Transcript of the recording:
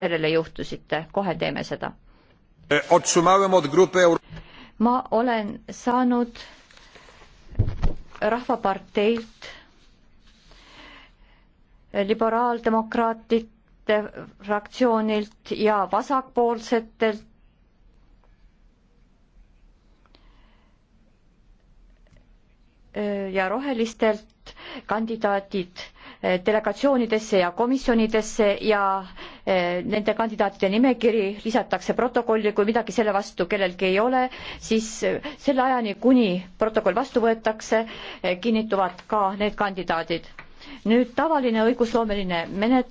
sellele juhtusite, kohe teeme seda. E, ma olen saanud Rahvaparteilt, liberaaldemokraatide fraktsioonilt ja vasakpoolsetelt e, ja rohelistelt kandidaadid e, delegatsioonidesse ja komisjonidesse ja Eh, nende kandidaatide nimekiri lisatakse protokolli, kui midagi selle vastu kellelgi ei ole, siis eh, selle ajani, kuni protokoll vastu võetakse, eh, kinnituvad ka need kandidaadid. nüüd tavaline õigusloomeline menetlus.